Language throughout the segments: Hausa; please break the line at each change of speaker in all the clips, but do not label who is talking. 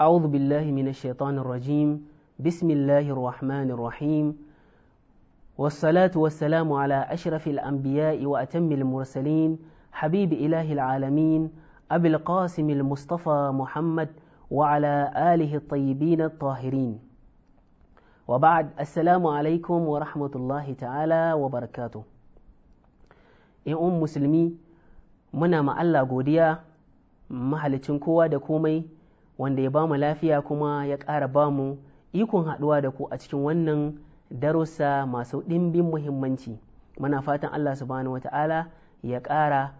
أعوذ بالله من الشيطان الرجيم بسم الله الرحمن الرحيم والصلاة والسلام على أشرف الأنبياء وأتم المرسلين حبيب إله العالمين أبي القاسم المصطفى محمد وعلى آله الطيبين الطاهرين وبعد السلام عليكم ورحمة الله تعالى وبركاته إن أم مسلمي muna ma Allah godiya mahalicin kowa da komai wanda ya bamu lafiya kuma ya ƙara bamu ikon haɗuwa da ku a cikin wannan darussa masu ɗimbin muhimmanci muna fatan Allah subhanahu wata'ala ya ƙara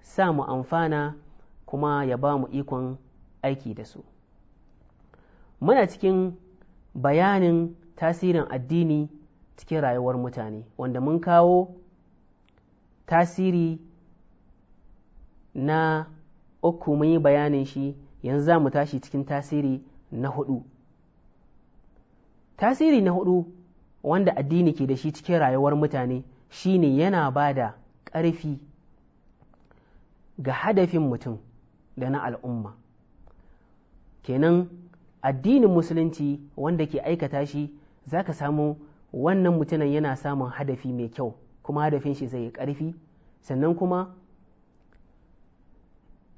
sa mu amfana kuma ya ba mu ikon aiki da su muna cikin bayanin tasirin addini cikin rayuwar mutane wanda mun kawo tasiri na uku mun yi bayanin shi yanzu za mu tashi cikin tasiri na hudu tasiri na hudu wanda addini ke da shi cikin rayuwar mutane shine yana ba da ƙarfi ga hadafin mutum da na al'umma kenan addinin musulunci wanda ke aikata shi za ka samu wannan mutumin yana samun hadafi mai kyau kuma hadafin shi zai yi ƙarfi sannan kuma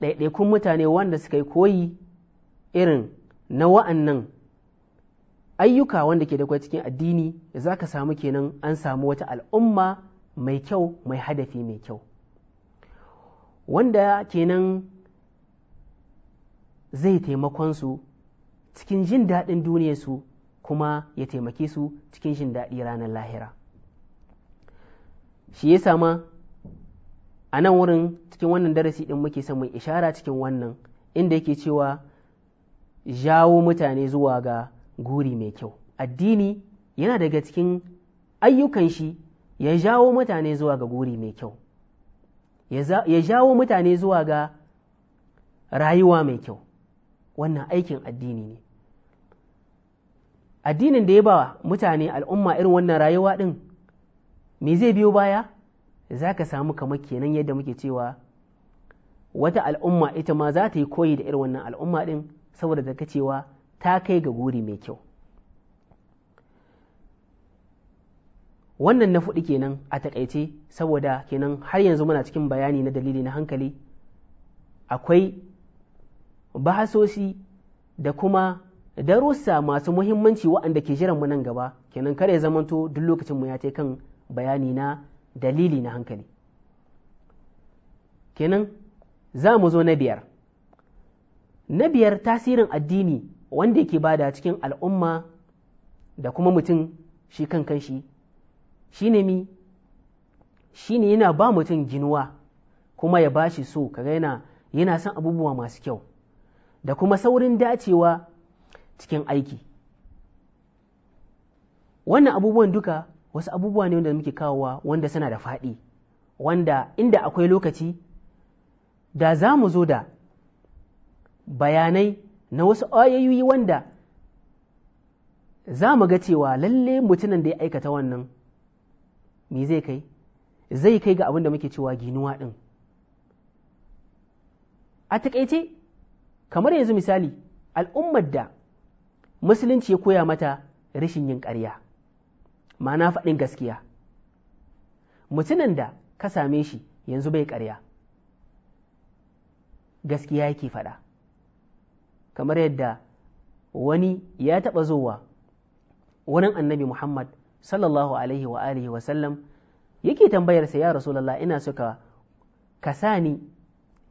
ɗaiɗaikun mutane wanda suka yi koyi irin na wa'annan ayyuka wanda ke da kwa cikin addini da za ka samu kenan an samu wata al'umma mai kyau mai hadafi mai kyau wanda kenan zai taimakon su cikin jin daɗin duniyarsu kuma ya taimake su cikin jin daɗi ranar lahira shi ya sama a nan wurin cikin wannan darasi din muke son mai ishara cikin wannan inda yake cewa jawo mutane zuwa ga guri mai kyau addini yana daga cikin ayyukan shi ya jawo mutane zuwa ga guri mai kyau ya jawo mutane zuwa ga rayuwa mai kyau wannan aikin addini ne addinin da ya ba mutane al'umma irin wannan rayuwa din, me zai biyo baya za ka samu kamar kenan yadda muke cewa wata al'umma ita ma za ta yi koyi da irin wannan al'umma ɗin saboda ta cewa ta kai ga guri mai kyau wannan na fuɗi kenan a takaice saboda kenan har yanzu muna cikin bayani na dalili na hankali akwai bahasosi da kuma darussa masu muhimmanci waɗanda ke jiranmu nan gaba kenan kar ya zamanto duk lokacinmu ya ce kan bayani na dalili na hankali kenan za mu zo na biyar na biyar tasirin addini wanda yake bada cikin al'umma da kuma mutum shi kan kanshi shi ne mi shi ne yana ba mutum ginuwa kuma ya bashi so kaga yana yana son abubuwa masu kyau da kuma saurin dacewa cikin aiki wannan abubuwan duka wasu abubuwa ne wanda muke kawowa wanda suna da faɗi wanda inda akwai lokaci da za mu zo da bayanai na wasu ayoyi wanda za mu ga cewa lalle mutumin da ya aikata wannan me zai kai zai kai ga abin da muke cewa ginuwa ɗin a taƙaice kamar yanzu misali al'ummar da musulunci ya koya mata rashin yin ƙarya ma'ana faɗin gaskiya mutumin da ka same shi yanzu bai ƙarya gaskiya yake faɗa kamar yadda wani ya taɓa zowa wurin annabi muhammad sallallahu alaihi wa alihi wa sallam yake tambayarsa ya rasulallah ina suka ka ni,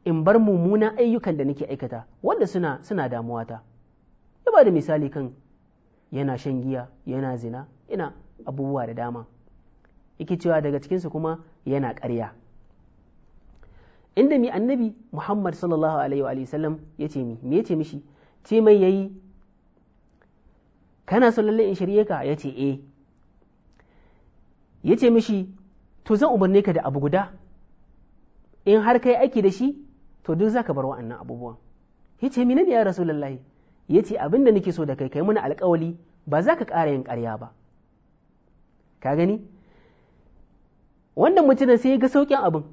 in bar mummunan ayyukan da nake aikata wanda suna suna damuwata ya ba da misali kan yana shan giya yana zina ina abubuwa da dama yake cewa daga cikinsu kuma yana ƙarya inda mi annabi Muhammad sallallahu alaihi wa sallam ya ce mi me yace mishi ce mai yayi kana son lalle in shirye ka yace ce eh ya mishi to zan umarne ka da abu guda in har kai aiki da shi to duk zaka bar wa'annan abubuwan ya ce menene ya rasulullahi ya ce abin da nake so da kai kai mana alkawali ba za ka ƙara yin karya ba ka gani wannan mutumin sai ya ga sauƙin abin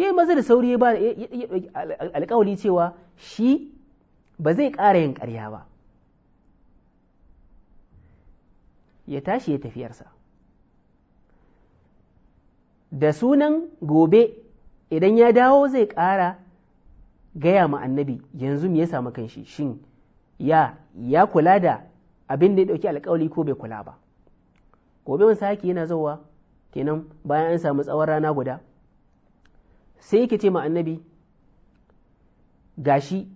ya yi maza da sauri ya ba cewa shi ba zai ƙara yin ƙarya ba ya tashi ya tafiyarsa da sunan gobe idan ya dawo zai ƙara gaya ma annabi yanzu me ya samu kanshi shin ya ya kula da abin da ya ɗauki alkawali ko bai kula ba gobe mun haki yana zauwa kenan bayan an samu tsawon rana guda sai yake ce ma annabi gashi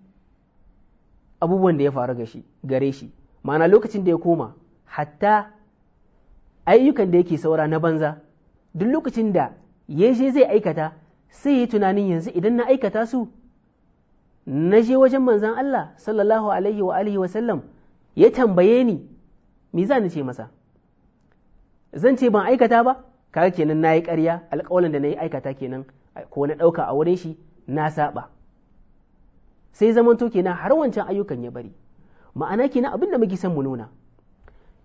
abubuwan da ya faru gashi gare shi ma'ana lokacin da ya koma hatta ayyukan da yake saura na banza duk lokacin da ya je zai aikata sai yi tunanin yanzu idan na aikata su na je wajen manzan Allah sallallahu alaihi wa alihi wa sallam ya tambaye ni me za ni ce masa zan ce ban aikata ba kaga kenan na yi ƙarya alƙawalin da na yi aikata kenan ko na ɗauka a wurin shi na saba sai zaman to kenan har wancan ayyukan ya bari ma'ana kenan abin da muke son mu nuna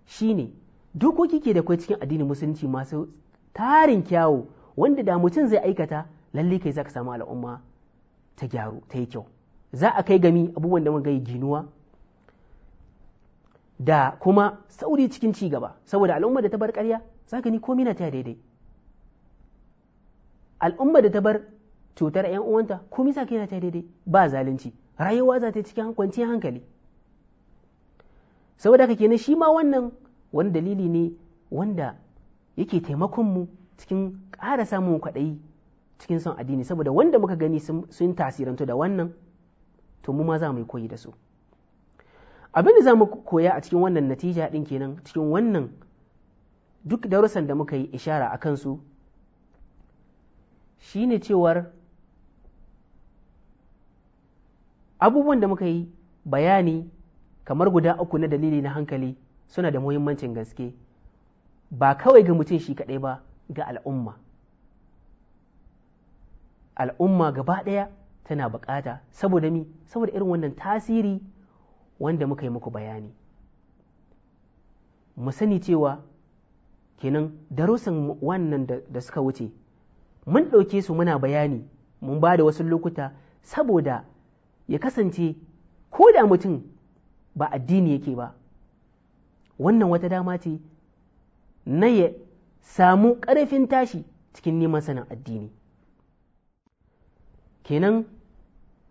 shine dokoki ke da kwai cikin addinin musulunci masu tarin kyawu wanda da mutum zai aikata lalle kai zaka samu al'umma ta gyaru ta yi kyau za a kai gami abubuwan da muka yi ginuwa da kuma sauri cikin ci gaba saboda al'umma da ta bar ƙarya za ni komai na ta daidai al'umma da ta bar cutar ‘yan uwanta ko misa kai ta daidai ba zalunci rayuwa za ta cikin kwanciyar hankali saboda haka kenan shi ma wannan wani dalili ne wanda yake taimakon mu cikin ƙara samun kwaɗayi cikin son addini saboda wanda muka gani sun tasirantu da wannan to mu ma za mu koyi da su abin da za mu koya a cikin wannan natija ɗin kenan cikin wannan duk darussan da muka yi ishara a kansu shine cewar abubuwan da muka yi bayani kamar guda uku na dalili na hankali suna da muhimmancin gaske ba kawai ga mutum shi kaɗai ba ga al'umma al'umma gaba ɗaya tana bukata saboda mi saboda irin wannan tasiri wanda muka yi muku bayani mu sani cewa kenan darussan wannan da suka wuce mun ɗauke su muna bayani mun ba da wasu lokuta saboda ya kasance ko da mutum ba addini yake ba wannan wata dama ce na ya samu ƙarfin tashi cikin neman sanin addini kenan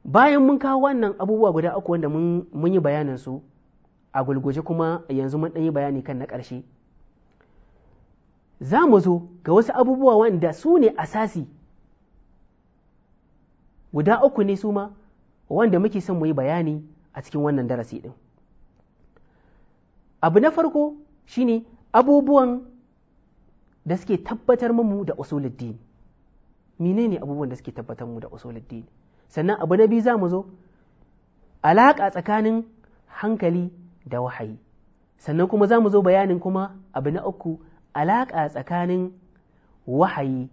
bayan mun kawo wannan abubuwa guda uku wanda mun yi bayanin su a gulguje kuma yanzu mun ɗan yi bayani kan na ƙarshe za mu zo ga wasu abubuwa wanda su ne asasi guda uku ne su ma wanda muke son mu yi bayani a cikin wannan darasi ɗin abu na farko shine abubuwan da suke tabbatar mu da usuluddin menene abubuwan da suke tabbatar mu da usuluddin sannan abu na biyu za mu zo alaƙa tsakanin hankali da wahayi sannan kuma za mu zo bayanin kuma abu na uku alaƙa tsakanin wahayi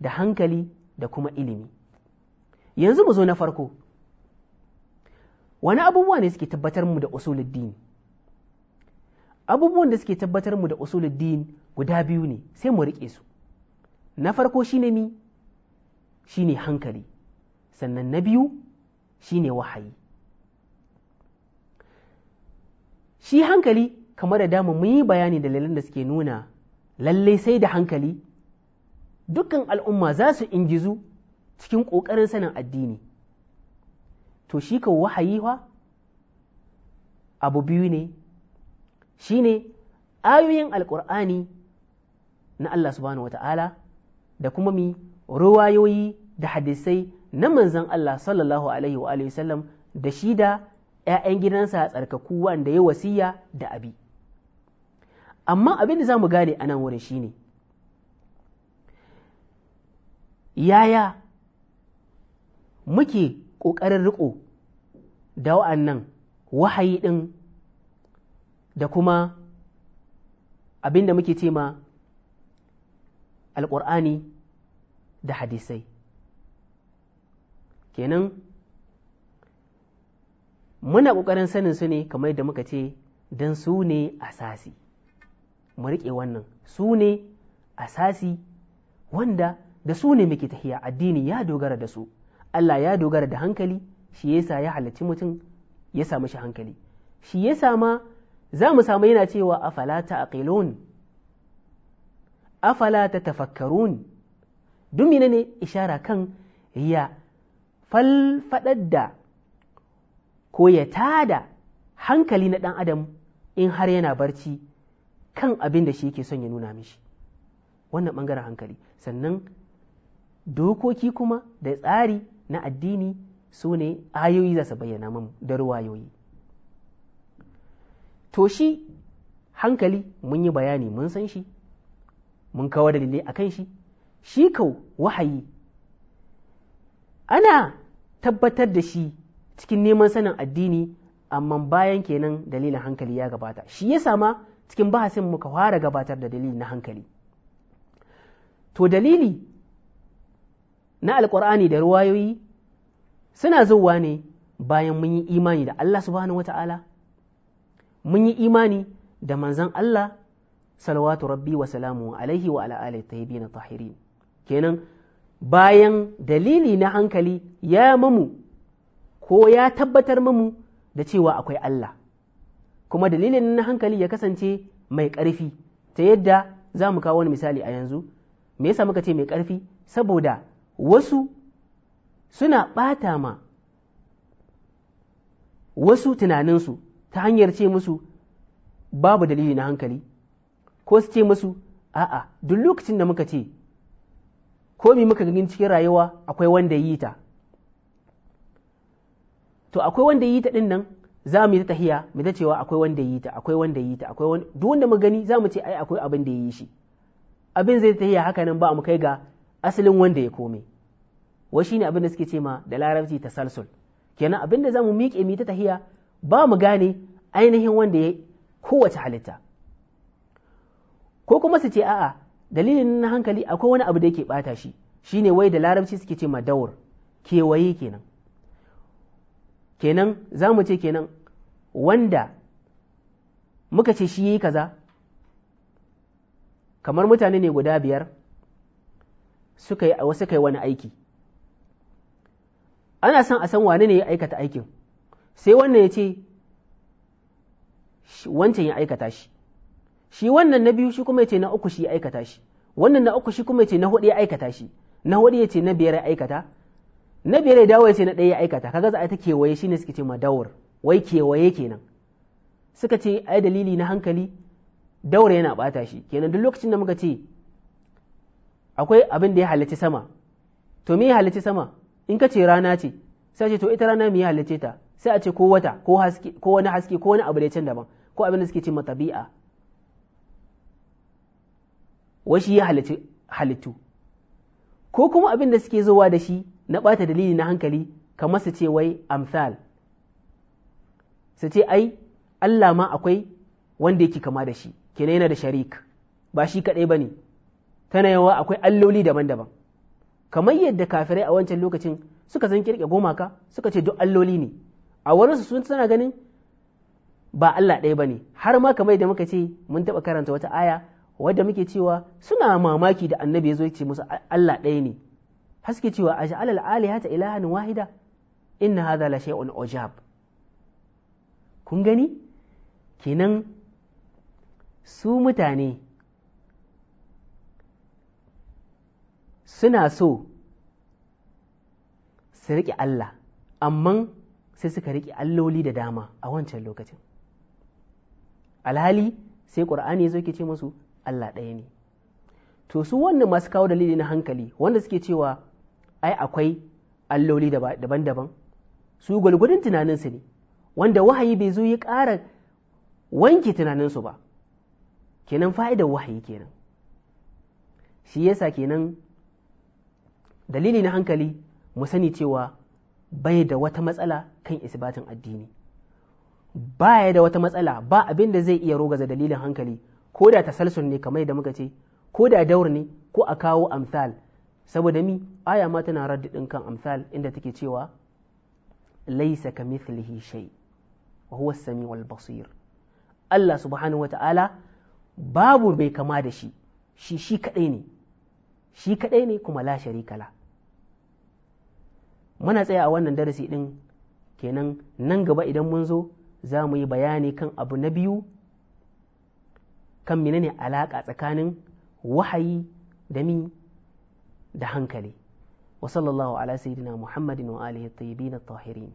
da hankali da kuma ilimi yanzu mu zo na farko wani abubuwa ne suke tabbatar mu da usuluddin abubuwan da suke tabbatar mu da usuluddin guda biyu ne sai mu riƙe su na farko shine mi shine hankali sannan na biyu shine wahayi shi hankali kamar da dama mun yi bayani dalilan da suke nuna lallai sai da hankali dukkan al'umma za su ingizu cikin ƙoƙarin sanin addini to shi ka wahayi abu biyu ne shi ne ayoyin alƙur'ani na Allah subhanahu wata'ala da kuma mi ruwayoyi da hadisai na manzan Allah sallallahu alaihi wa sallam da shi da ‘ya'yan gidansa a tsarkaku wanda ya wasiya da abi. amma abin da za mu gane a nan wurin shine yaya muke ƙoƙarin riƙo da wa'annan wahayi ɗin da kuma abin da muke tema alƙur'ani da hadisai kenan muna ƙoƙarin sanin su ne kamar yadda muka ce don su ne asasi mu riƙe wannan su ne asasi wanda da su ne muke tahiya addini ya dogara da su Allah ya dogara da hankali shi yasa ya halarci mutum ya samu shi hankali shi yasa ma za mu samu yana cewa afala ta aqilun afala ta tafakkarun Dumina ne ishara kan ya falfadar da ko ya tada hankali na ɗan adam in har yana barci kan abin da shi yake son ya nuna mishi wannan ɓangaren hankali sannan dokoki kuma da tsari na addini su ne ayoyi za su bayyana mamu da ruwayoyi to shi hankali mun yi bayani mun san shi mun kawo dalilai a kan shi shi kau wahayi ana tabbatar da shi cikin neman sanin addini amma bayan kenan dalilin hankali ya gabata shi ya sama cikin bahasin muka fara gabatar da dalili na hankali to dalili na alkur'ani da ruwayoyi suna zuwa ne bayan mun yi imani da Allah subhanahu wata'ala mun yi imani da manzan Allah salawatu rabbi wa salamu alaihi wa ala alihi tayyibin tahirin kenan bayan dalili na hankali ya mamu ko ya tabbatar mamu da cewa akwai Allah kuma dalilin na hankali ya kasance mai ƙarfi ta yadda za mu kawo wani misali a yanzu me yasa muka ce mai ƙarfi saboda wasu suna ɓata ma wasu tunaninsu ta hanyar ce musu babu dalili na hankali ko su ce musu a'a duk lokacin da muka ce komi muka gani cikin rayuwa akwai wanda yi ta to akwai wanda yi ta ɗin za mu yi ta tahiya mu ta cewa akwai wanda yi ta akwai wanda yi ta akwai wanda duk wanda mu gani za mu ce ai akwai abin da ya yi shi abin zai tahiya haka nan ba mu kai ga asalin wanda ya kome wai shine abin da suke ce ma da larabci tasalsul kenan abin da za mu miƙe mu ta tahiya ba mu gane ainihin wanda ya kowace halitta ko kuma su ce a'a dalilin na hankali akwai wani abu da yake bata shi shine wai da larabci suke ce ma daur kewaye kenan kenan za mu ce kenan wanda muka ce shi yi kaza kamar mutane ne guda biyar suka yi wasu kai wani aiki ana son a san wane ne ya aikata aikin sai wannan ya ce wancan ya aikata shi shi wannan na biyu shi kuma ya ce na uku shi ya aikata shi wannan na uku shi kuma ya ce na hudu ya aikata shi na hudu ya ce na biyar ya aikata na biyar ya dawo ya ce na ɗaya ya aikata kaga za a ta kewaye shine suke ce ma dawar wai kewaye kenan suka ce ai dalili na hankali daur yana bata shi kenan duk lokacin da muka ce akwai abin da ya halarci sama to me ya halarci sama in ka ce rana ce sai ce to ita rana me ya halicce ta sai a ce ko wata ko haske ko wani haske ko wani abu da ya can daban ko abin da suke ce ma tabi'a wai shi ya halarci halittu ko kuma abin da suke zowa da shi na ɓata dalili na hankali kamar su ce wai amsal su ce ai Allah ma akwai wanda yake kama da shi kina yana da sharik ba shi kaɗai ba ne tana yawa akwai alloli daban-daban kamar yadda kafirai a wancan lokacin suka san kirke gomaka suka ce duk alloli ne a wurin su sun suna ganin ba Allah ɗaya ba ne har ma kamar yadda muka ce mun taɓa karanta wata aya wadda muke cewa suna mamaki da annabi ya zo ya ce musu Allah ɗaya ne har cewa a al-alihata ilahan wahida inna hada la shay'un ujab kun gani kenan su mutane suna so su riƙe Allah amma sai suka riƙe alloli da dama a wancan lokacin alhali sai ƙur'ani ya zo ke ce musu Allah ɗaya ne to su wannan masu kawo dalili na hankali wanda suke cewa ai akwai alloli daban-daban su gwalgwadon tunaninsu ne wanda wahayi bai zo ya ƙara wanke tunaninsu ba kenan fa'idar wahayi kenan shi yasa kenan dalili na hankali mu sani cewa bai da wata matsala kan isbatin addini ba ya da wata matsala ba abin da zai iya rogaza dalilin hankali ko da tasalsun ne kamar da muka ce ko da daur ne ko a kawo amsal saboda mi aya ma tana raddi ɗin kan amsal inda take cewa laisa ka mithlihi shay wa huwa sami wal basir Allah subhanahu wa ta'ala babu mai kama da shi shi shi kaɗai ne shi kadai ne kuma la la muna tsaya a wannan darasi ɗin kenan nan gaba idan mun zo za mu yi bayani kan abu na biyu kan menene alaƙa tsakanin wahayi da mi da hankali wa sallallahu ala sayyidina muhammadin wa alihi tayyibin at-tahirin